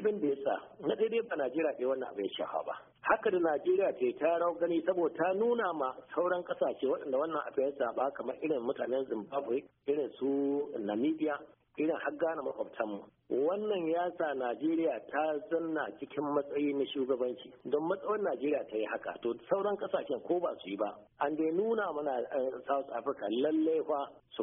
abin da ya sa na daidai ba najeriya ke wannan abin shaha ba haka da najeriya ke ta rau gani saboda ta nuna ma sauran kasashe waɗanda wannan abin ya ba kamar irin mutanen zimbabwe irin su namibia irin har gane makwabtanmu wannan ya sa najeriya ta zanna cikin matsayi na shugabanci don matsawar najeriya ta yi haka to sauran kasashen ko ba su yi ba an dai nuna mana eh, south africa lalle fa su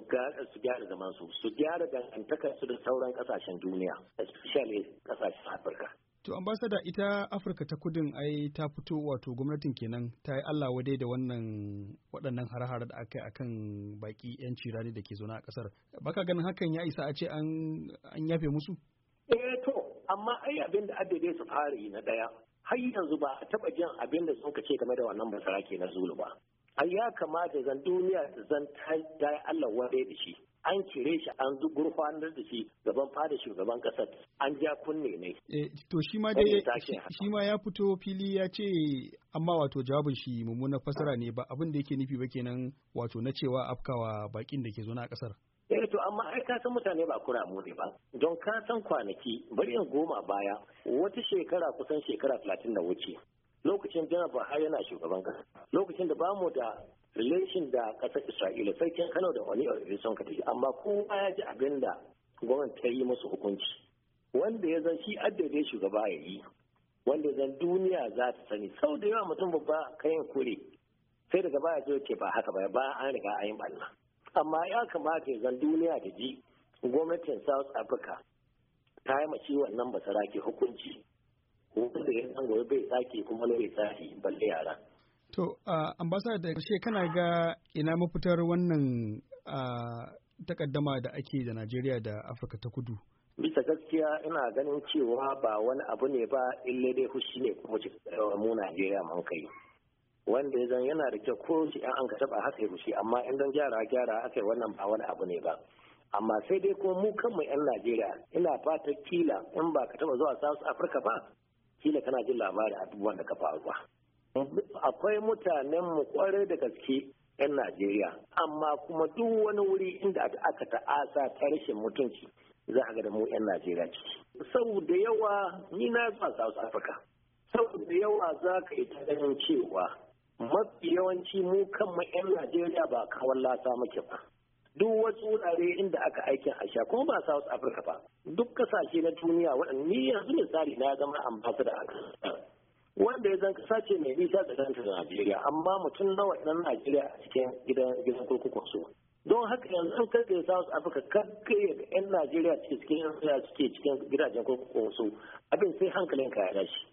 gyara zaman su su gyara dangantakar su da sauran kasashen duniya especially kasashen Africa. To ambasada ita Afirka ta kudin ai ta fito wato gwamnatin kenan ta yi Allah wadai da wannan waɗannan har-har da aka yi a kan baƙi 'yanci rani da ke zaune a ƙasar. Baka ganin hakan ya isa a ce an yafe musu? Eh to, amma ai abin da adade su fara yi na ɗaya. Har yanzu ba a taɓa jin abin da sun ce game da wannan basara ke na Zulu ba. Ai ya kamata zan duniya zan ta Allah wadai da shi. an cire shi an gurfanar da shi gaban fada shugaban kasar an ja kunne ne. Eh, to shi ma dai shi ma ya fito fili ya ce amma wato jawabin shi mummunar fasara ne ba abin da yake nufi ba kenan wato na cewa afkawa bakin da ke zo na kasar. Eh to amma ai ka san mutane ba kura mu ne ba don ka san kwanaki bari goma baya wata shekara kusan shekara talatin da wuce lokacin janar har yana shugaban kasa lokacin da ba mu da relation da kasar isra'ila sai sarkin kano da wani orifi sun ka tafi amma kowa ya ji abin da gwamnati ta yi musu hukunci wanda ya zan shi addade shugaba ya yi wanda zan duniya za ta sani sau da yawa mutum babba kayan kure sai daga baya zai ce ba haka ba ba an riga an yi balla amma ya kamata ya zan duniya da ji gwamnatin south africa ta yi mace wannan ke hukunci wanda gobe bai sake kuma bai sake balle yara to da shi kana ga ina mafitar wannan takaddama da ake da Najeriya da Afirka ta Kudu bisa gaskiya ina ganin cewa ba wani abu ne ba ille dai hushi ne kuma mu Najeriya mun kai wanda ya zan yana da kyau ko shi an ka taba haka ya fushi amma in dan gyara gyara haka wannan ba wani abu ne ba amma sai dai kuma mu kanmu yan Najeriya ina fata kila in ba ka taba zuwa South Africa ba kila kana jin labarin abubuwan da ka faruwa akwai mutanen mu kwarai da gaske 'yan Najeriya amma kuma duk wani wuri inda aka ta'asa ta rashin mutunci za a ga da mu 'yan Najeriya ciki. Saboda yawa ni na zuwa South Africa. Saboda yawa za ka yi ta ganin cewa mafi yawanci mu kanmu 'yan Najeriya ba kawan lasa muke ba. duk wasu wurare inda aka aikin asha kuma ba South Africa ba duk kasashe na duniya waɗanda ni yanzu misali na zama ambassador a wanda ya zan kasa mai nisa da kanta da Najeriya amma mutum nawa ɗan Najeriya a cikin gidan gidan kurkukun su don haka yanzu an da South Africa kai da 'yan Najeriya cikin cikin suke cikin gidajen kurkukun su abin sai hankalin ka ya dashi